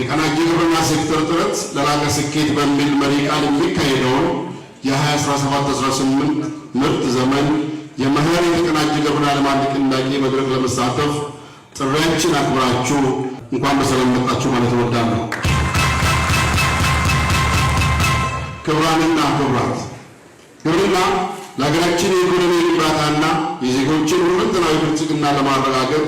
የተቀናጀ ግብርና ሴክተር ጥረት ለላቀ ስኬት በሚል መሪ ቃል የሚካሄደውን የ2017/18 ምርት ዘመን የመኸር የተቀናጀ ግብርና ልማት ንቅናቄ መድረክ ለመሳተፍ ጥሪያችን አክብራችሁ እንኳን በሰላም መጣችሁ ማለት እወዳለሁ። ክብራንና ክብራት ግብርና ለሀገራችን የኢኮኖሚ ግንባታና የዜጎችን ሁለንተናዊ ብልጽግና ለማረጋገጥ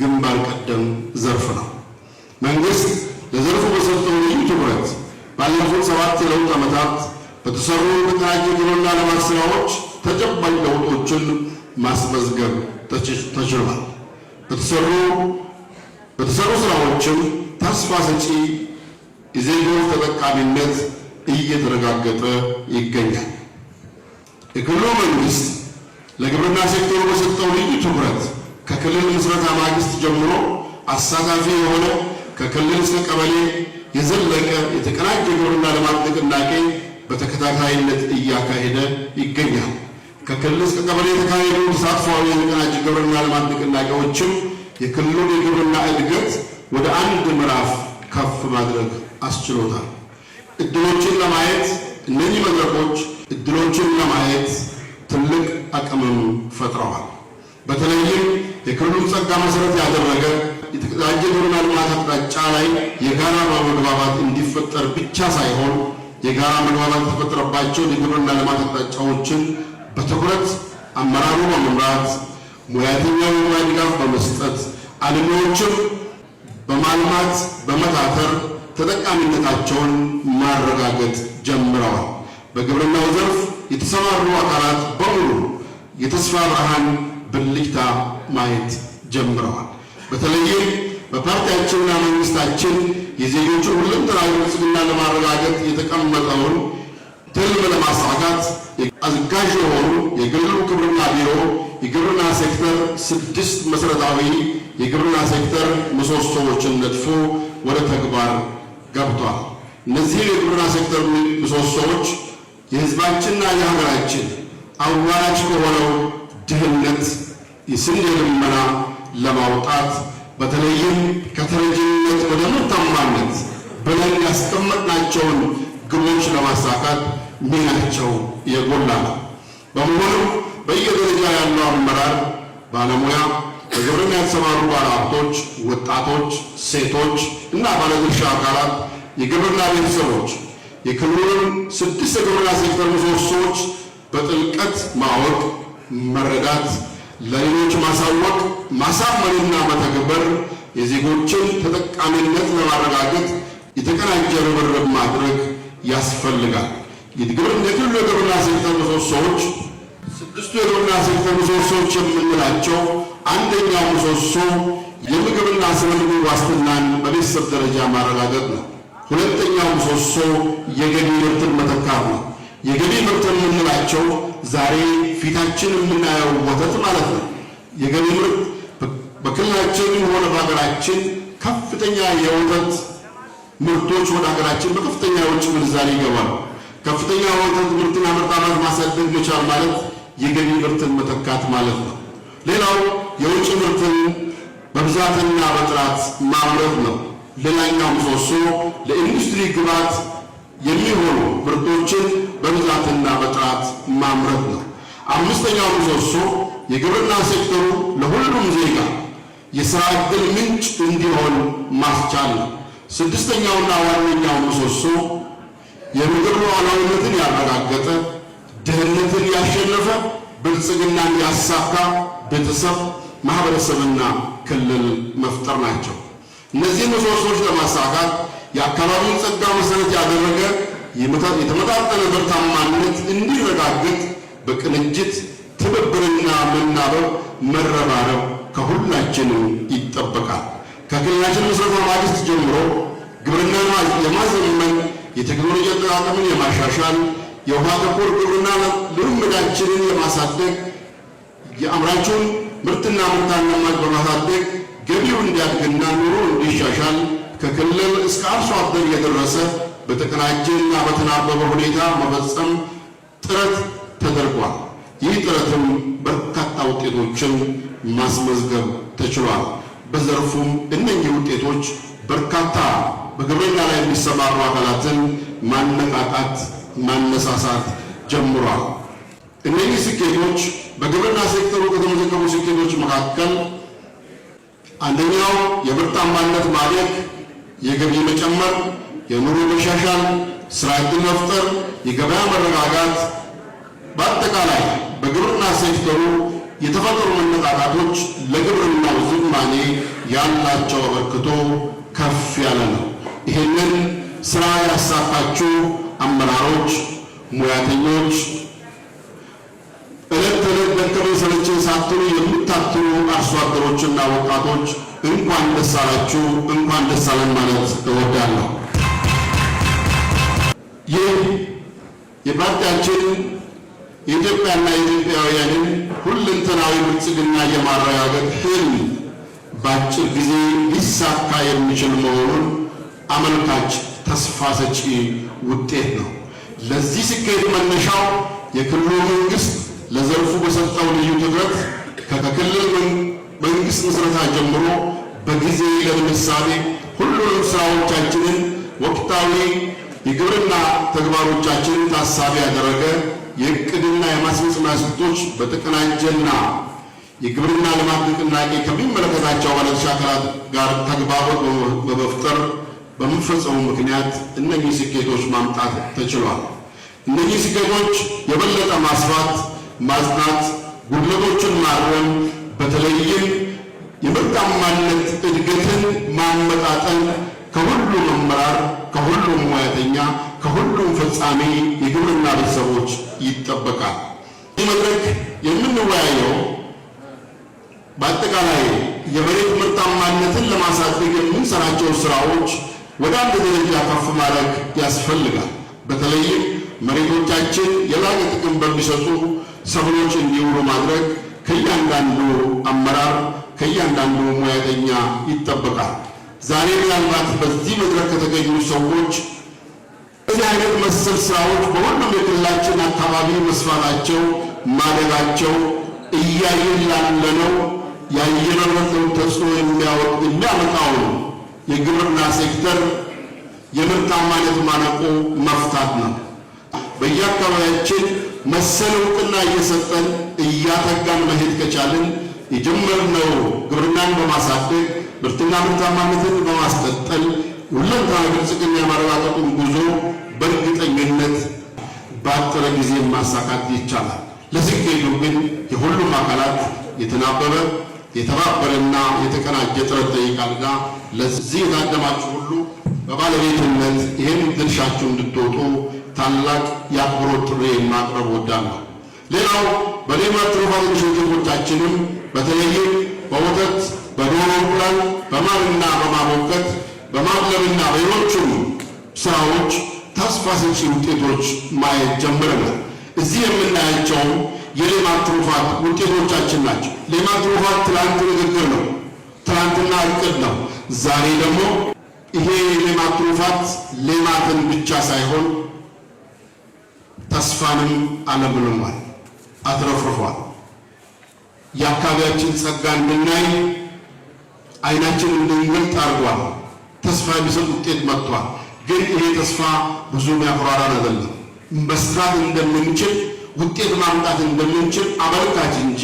ግንባር ቀደም ዘርፍ ነው። መንግስት ለዘርፉ በሰጠው ልዩ ትኩረት ባለፉት ሰባት የለውጥ ዓመታት በተሰሩ ብታጅ ግብርና ልማት ስራዎች ተጨባጭ ለውጦችን ማስመዝገብ ተችሏል። በተሰሩ ስራዎችም ተስፋ ሰጪ የዜጎች ተጠቃሚነት እየተረጋገጠ ይገኛል። የክልሉ መንግስት ለግብርና ሴክተሩ በሰጠው ልዩ ትኩረት ከክልል ምስረታ ማግስት ጀምሮ አሳታፊ የሆነ ከክልል እስከ ቀበሌ የዘለቀ የተቀናጀ ግብርና ልማት ንቅናቄ በተከታታይነት እያካሄደ ይገኛል። ከክልል እስከ ቀበሌ የተካሄዱ ተሳትፏዊ የተቀናጀ ግብርና ልማት ንቅናቄዎችም የክልሉን የግብርና እድገት ወደ አንድ ምዕራፍ ከፍ ማድረግ አስችሎታል። እድሎችን ለማየት እነዚህ መድረኮች እድሎችን ለማየት ትልቅ አቅምም ፈጥረዋል። በተለይም የክልሉን ጸጋ መሰረት ያደረገ የተቀዳጀውን ልማት አቅጣጫ ላይ የጋራ መግባባት እንዲፈጠር ብቻ ሳይሆን የጋራ መግባባት የተፈጠረባቸውን የግብርና ልማት አቅጣጫዎችን በትኩረት አመራሩ በመምራት ሙያተኛው የሙያ ድጋፍ በመስጠት አልሚዎችን በማልማት በመታተር ተጠቃሚነታቸውን ማረጋገጥ ጀምረዋል። በግብርናው ዘርፍ የተሰማሩ አካላት በሙሉ የተስፋ ብርሃን ብልጭታ ማየት ጀምረዋል። በተለይም በፓርቲያችንና መንግስታችን የዜጎቹ ሁሉም ተራዊ ብልጽግና ለማረጋገጥ የተቀመጠውን ትልም ለማሳካት አዝጋዥ የሆኑ የግሉ ግብርና ቢሮ የግብርና ሴክተር ስድስት መሰረታዊ የግብርና ሴክተር ምሰሶዎችን ነድፎ ወደ ተግባር ገብቷል። እነዚህ የግብርና ሴክተር ምሰሶዎች የህዝባችንና የሀገራችን አዋራጅ ከሆነው ድህነት፣ የስንዴ ልመና ለማውጣት በተለይም ከተረጂነት ወደ ምርታማነት ብለን ያስቀመጥናቸውን ግቦች ለማሳካት ሚናቸው የጎላ ነው። በመሆኑም በየደረጃ ያለው አመራር ባለሙያ፣ በግብርና የተሰማሩ ባለሀብቶች፣ ወጣቶች፣ ሴቶች እና ባለድርሻ አካላት፣ የግብርና ቤተሰቦች የክልሉን ስድስት የግብርና ሴክተር ምሰሶዎች በጥልቀት ማወቅ፣ መረዳት፣ ለሌሎች ማሳወቅ ማሳመንና መተግበር የዜጎችን ተጠቃሚነት ለማረጋገጥ የተቀናጀ ርብርብ ማድረግ ያስፈልጋል። የግብርና የክልሉ የግብርና ሴክተር ምሰሶዎች ስድስቱ የግብርና ሴክተር ምሰሶዎች የምንላቸው አንደኛው ምሰሶ የምግብና ስነምግብ ዋስትናን በቤተሰብ ደረጃ ማረጋገጥ ነው። ሁለተኛው ምሰሶ የገቢ ምርትን መተካት ነው። የገቢ ምርት የምንላቸው ዛሬ ፊታችን የምናየው ወተት ማለት ነው። የገቢ ምርት በክልላችን ሆነ በሀገራችን ከፍተኛ የወተት ምርቶች ወደ ሀገራችን በከፍተኛ የውጭ ምንዛሪ ይገባል። ከፍተኛ የወተት ምርትን አመርጣማት ማሳደግ መቻል ማለት የገቢ ምርትን መተካት ማለት ነው። ሌላው የውጭ ምርትን በብዛትና በጥራት ማምረት ነው። ሌላኛው ምሰሶ ለኢንዱስትሪ ግብዓት የሚሆኑ ምርቶችን በብዛትና በጥራት ማምረት ነው። አምስተኛው ምሰሶ የግብርና ሴክተሩ ለሁሉም ዜጋ የሥራ ዕድል ምንጭ እንዲሆን ማስቻል ነው። ስድስተኛውና ዋነኛው ምሰሶ የምግብ ሉዓላዊነትን ያረጋገጠ፣ ድህነትን ያሸነፈ፣ ብልጽግናን ያሳካ ቤተሰብ፣ ማህበረሰብና ክልል መፍጠር ናቸው። እነዚህ ምሰሶዎች ለማሳካት የአካባቢውን ጸጋ መሰረት ያደረገ የተመጣጠነ ምርታማነት እንዲረጋገጥ በቅንጅት ትብብርና መናበብ መረባረብ ከሁላችንም ይጠበቃል። ከክልላችን ምስረታ ማግስት ጀምሮ ግብርና የማዘመን የቴክኖሎጂ አጠቃቀምን የማሻሻል የውሃ ተኮር ግብርና ልምዳችንን የማሳደግ የአምራቹን ምርትና ምርታማነት በማሳደግ ገቢው እንዲያድግና ኑሮ እንዲሻሻል ከክልል እስከ አርሶ አደር የደረሰ በተቀናጀና በተናበበ ሁኔታ መፈጸም ጥረት ተደርጓል። ይህ ጥረትም በርካታ ውጤቶችን ማስመዝገብ ተችሏል። በዘርፉም እነኚህ ውጤቶች በርካታ በግብርና ላይ የሚሰማሩ አካላትን ማነቃቃት፣ ማነሳሳት ጀምሯል። እነኚህ ስኬቶች በግብርና ሴክተሩ ከተመዘገቡ ስኬቶች መካከል አንደኛው የምርታማነት ማደግ፣ የገቢ መጨመር፣ የኑሮ መሻሻል፣ ስራ ዕድል መፍጠር፣ የገበያ መረጋጋት፣ በአጠቃላይ በግብርና ሴክተሩ የተፈጠሩ መነቃቃቶች ለግብርናው ዝማኔ ያላቸው አበርክቶ ከፍ ያለ ነው። ይህንን ስራ ያሳካችሁ አመራሮች፣ ሙያተኞች እለት ተዕለት ደከመኝ ሰለቸኝ ሳትሉ የምታትኑ አርሶ አደሮችና ወጣቶች እንኳን ደስ አላችሁ፣ እንኳን ደስ አለን ማለት እወዳለሁ። ይህ የፓርቲያችን የኢትዮጵያና የኢትዮጵያውያንን ሁለንተናዊ ብልጽግና የማረጋገጥ ህልም በአጭር ጊዜ ሊሳካ የሚችል መሆኑን አመልካች ተስፋ ሰጪ ውጤት ነው። ለዚህ ስኬት መነሻው የክልሉ መንግስት ለዘርፉ በሰጠው ልዩ ትኩረት ከክልል መንግስት ምስረታ ጀምሮ በጊዜ ለምሳሌ ሁሉንም ስራዎቻችንን ወቅታዊ የግብርና ተግባሮቻችንን ታሳቢ ያደረገ የእቅድና የማስፈጸሚያ ስልቶች በተቀናጀና የግብርና ልማት ንቅናቄ ከሚመለከታቸው ባለድርሻ አካላት ጋር ተግባቦት በመፍጠር በሚፈጸሙ ምክንያት እነኚህ ስኬቶች ማምጣት ተችሏል። እነኚህ ስኬቶች የበለጠ ማስፋት፣ ማጽናት፣ ጉድለቶችን ማረም፣ በተለይም የምርታማነት እድገትን ማመጣጠን ከሁሉ መመራር ከሁሉም ፍጻሜ የግብርና ቤተሰቦች ይጠበቃል። ይህ መድረክ የምንወያየው በአጠቃላይ የመሬት ምርታማነትን ለማሳደግ የምንሰራቸው ስራዎች ወደ አንድ ደረጃ ከፍ ማድረግ ያስፈልጋል። በተለይም መሬቶቻችን የላቀ ጥቅም በሚሰጡ ሰብሎች እንዲውሉ ማድረግ ከእያንዳንዱ አመራር ከእያንዳንዱ ሙያተኛ ይጠበቃል። ዛሬ ምናልባት በዚህ መድረክ ከተገኙ ሰዎች አይነት መሰል ስራዎች በሁሉም የክልላችን አካባቢ መስፋፋቸው ማደጋቸው እያየን ላለነው ያየነውን ተጽዕኖ የሚያመጣው የግብርና ሴክተር የምርታማነት ማነቆ መፍታት ነው። በየአካባቢያችን መሰል እውቅና እየሰጠን እያተጋን መሄድ ከቻልን የጀመርነው ግብርናን በማሳደግ ምርትና ምርታማነትን በማስቀጠል ሁለንተናዊ ብልጽግና የማረጋገጡን ጉዞ በእርግጠኝነት ባጠረ ጊዜ ማሳካት ይቻላል። ለስኬቱ ግን የሁሉም አካላት የተናበበ የተባበረና የተቀናጀ ጥረት ጠይቃልና ለዚህ የታደማችሁ ሁሉ በባለቤትነት ይህን ድርሻችሁ እንድትወጡ ታላቅ የአክብሮት ጥሪ ማቅረብ እወዳለሁ። ሌላው በሌማት ትሩፋት ኢኒሼቲቮቻችንም በተለይም በወተት በዶሮ እንቁላል በማርና በማሞቀት በማቅለብና በሌሎቹም ስራዎች ተስፋ ሰጪ ውጤቶች ማየት ጀምረናል። እዚህ የምናያቸው የሌማት ትሩፋት ውጤቶቻችን ናቸው። ሌማት ትሩፋት ትላንት ንግግር ነው፣ ትላንትና እቅድ ነው። ዛሬ ደግሞ ይሄ የሌማት ትሩፋት ሌማትን ብቻ ሳይሆን ተስፋንም አለምልሟል፣ አትረፍርፏል። የአካባቢያችን ጸጋ እንድናይ አይናችን እንድንገልጥ አድርጓል። ተስፋ የሚሰጥ ውጤት መጥቷል። ግን ይሄ ተስፋ ብዙ የሚያኮራራን አይደለም። መስራት እንደምንችል ውጤት ማምጣት እንደምንችል አመልካች እንጂ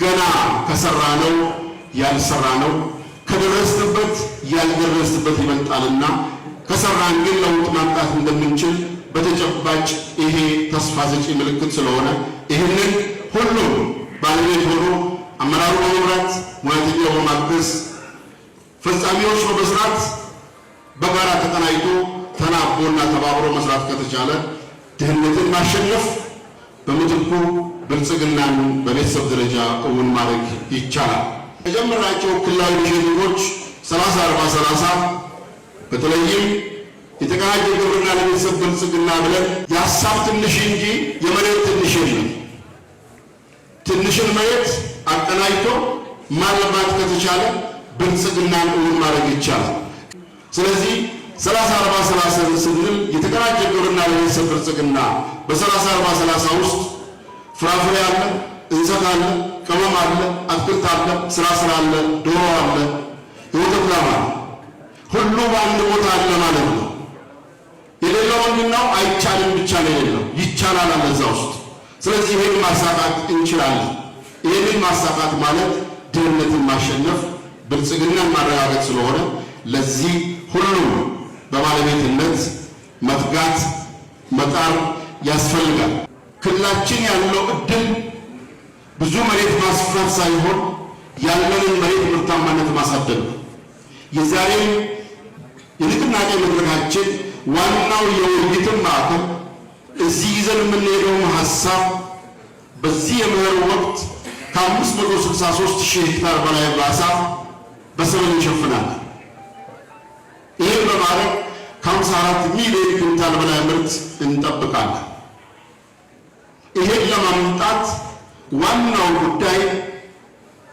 ገና ከሰራ ነው ያልሰራ ነው ከደረስንበት ያልደረስንበት ይበልጣልና ከሰራን ግን ለውጥ ማምጣት እንደምንችል በተጨባጭ ይሄ ተስፋ ሰጪ ምልክት ስለሆነ ይህንን ሁሉም ባለቤት ሆኖ አመራሩ በመምራት ሙያተኛ በማገዝ ፈጻሚዎች በመስራት በጋራ ተቀናይቶ ተናቦና ተባብሮ መስራት ከተቻለ ድህነትን ማሸነፍ በምትኩ ብልጽግናን በቤተሰብ ደረጃ እውን ማድረግ ይቻላል። የጀመርናቸው ክልላዊ ኢኒሼቲቮች 30 40 30 በተለይም የተቀናጀ ግብርና ለቤተሰብ ብልጽግና ብለን የሀሳብ ትንሽ እንጂ የመሬት ትንሽ የለም። ትንሽን መሬት አቀናጅቶ ማልማት ከተቻለ ብልጽግናን እውን ማድረግ ይቻላል። ስለዚህ ሰላሳ አርባ ስንል የተቀናጀ ግብርና ለቤተሰብ ብልጽግና በሰላሳ አርባ ውስጥ ፍራፍሬ አለ፣ እንሰት አለ፣ ቅመም አለ፣ አትክልት አለ፣ ስራ ስራ አለ፣ ዶሮ አለ፣ የወተት ላም አለ። ሁሉ በአንድ ቦታ አለ ማለት ነው። የሌለው ምንድነው? አይቻልም ብቻ ነው የሌለው። ይቻላል አለ እዛ ውስጥ። ስለዚህ ይህን ማሳካት እንችላለን። ይህንን ማሳካት ማለት ድህነትን ማሸነፍ ብልጽግናን ማረጋገጥ ስለሆነ ለዚህ ሁሉም በባለቤትነት መትጋት መጣር ያስፈልጋል። ክልላችን ያለው እድል ብዙ መሬት ማስፋት ሳይሆን ያለንን መሬት ምርታማነት ማሳደግ ነው። የዛሬ የንቅናቄ መድረካችን ዋናው የውይይትን ማዕከል እዚህ ይዘን የምንሄደውም ሀሳብ በዚህ የመኸር ወቅት ከ563 ሺህ ሄክታር በላይ በአሳ በሰብል ይሸፍናል። ይህን በማድረግ ከ54 ሚሊዮን ኩንታል በላይ ምርት እንጠብቃለን። ይሄን ለማምጣት ዋናው ጉዳይ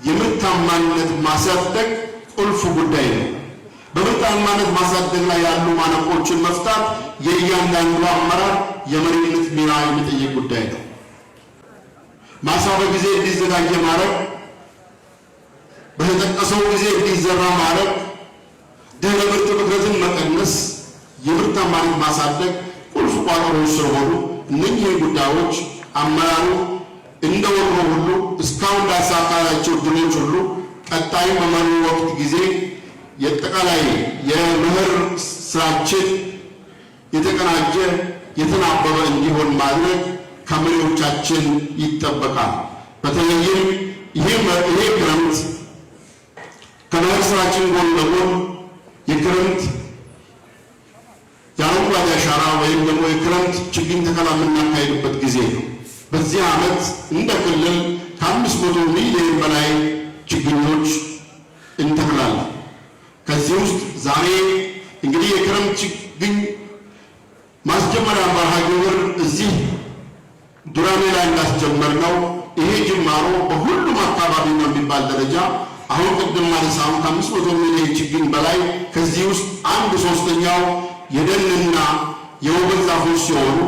የምርታማነት ማሳደግ ቁልፍ ጉዳይ ነው። በምርታማነት ማሳደግ ላይ ያሉ ማነቆችን መፍታት የእያንዳንዱ አመራር የመሪነት ሚና የሚጠይቅ ጉዳይ ነው። ማሳ በጊዜ እንዲዘጋጀ ማድረግ፣ በተጠቀሰው ጊዜ እንዲዘራ ማድረግ ድህረ ምርት ብክለትን መቀነስ፣ የምርታማነት ማሳደግ ቁልፍ ቋጠሮች ስለሆኑ እነዚህ ጉዳዮች አመራሩ እንደ ወሮ ሁሉ እስካሁን ላሳካናቸው ድሎች ሁሉ ቀጣይ መመሪ ወቅት ጊዜ የጠቃላይ የምህር ስራችን የተቀናጀ የተናበበ እንዲሆን ማድረግ ከመሪዎቻችን ይጠበቃል። በተለይም ይሄ ክረምት ከምህር ስራችን ጎን ለጎን የክረምት የአረንጓዴ አሻራ ወይም ደግሞ የክረምት ችግኝ ተከላ የምናካሄድበት ጊዜ ነው። በዚህ ዓመት እንደ ክልል ከአምስት መቶ ሚሊዮን በላይ ችግኞች እንተክላለን። ከዚህ ውስጥ ዛሬ እንግዲህ የክረምት ችግኝ ማስጀመሪያ መርሃ ግብር እዚህ ዱራሜ ላይ እንዳስጀመር ነው። ይሄ ጅማሮ በሁሉም አካባቢ ነው የሚባል ደረጃ አሁን ቅድም ማለት ሳሁን ከአምስት መቶ ሚሊዮን ችግኝ በላይ ከዚህ ውስጥ አንድ ሶስተኛው የደንና የውበት ዛፎች ሲሆኑ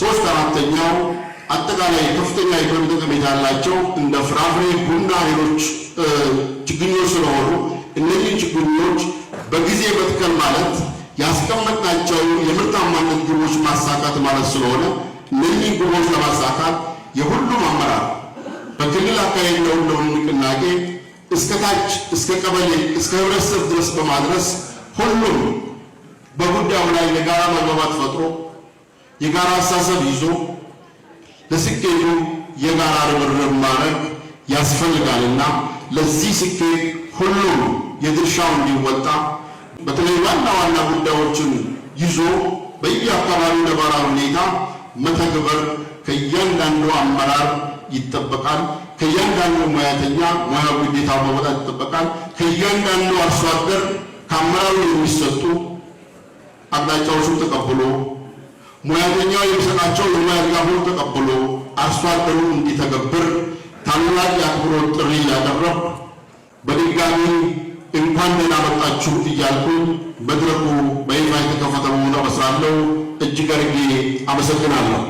ሶስት አራተኛው አጠቃላይ ከፍተኛ የኢኮኖሚ ጠቀሜታ ያላቸው እንደ ፍራፍሬ፣ ቡና፣ ሌሎች ችግኞች ስለሆኑ እነዚህ ችግኞች በጊዜ መትከል ማለት ያስቀመጥናቸው የምርታማነት ግቦች ማሳካት ማለት ስለሆነ እነዚህ ግቦች ለማሳካት የሁሉም አመራር በክልል አካባቢ ለሁለውን ንቅናቄ እስከ ታች እስከ ቀበሌ እስከ ህብረተሰብ ድረስ በማድረስ ሁሉም በጉዳዩ ላይ የጋራ መግባባት ፈጥሮ የጋራ አሳሰብ ይዞ ለስኬቱ የጋራ ርብርብ ማድረግ ያስፈልጋልና ለዚህ ስኬት ሁሉም የድርሻው እንዲወጣ በተለይ ዋና ዋና ጉዳዮችን ይዞ በየአካባቢው ነባራዊ ሁኔታ መተግበር ከእያንዳንዱ አመራር ይጠበቃል። ከእያንዳንዱ ሙያተኛ ሙያ ግዴታ መወጣት ይጠበቃል። ከእያንዳንዱ አርሶ አደር ከአመራሩ የሚሰጡ አቅጣጫዎቹን ተቀብሎ ሙያተኛው የሚሰጣቸው የሙያ ድጋፉን ተቀብሎ አርሶ አደሩ እንዲተገብር ታላቅ የአክብሮት ጥሪ እያቀረብ በድጋሚ እንኳን ደህና መጣችሁ እያልኩኝ መድረኩ በይፋ የተከፈተ መሆኑ አበስራለሁ። እጅግ አድርጌ አመሰግናለሁ።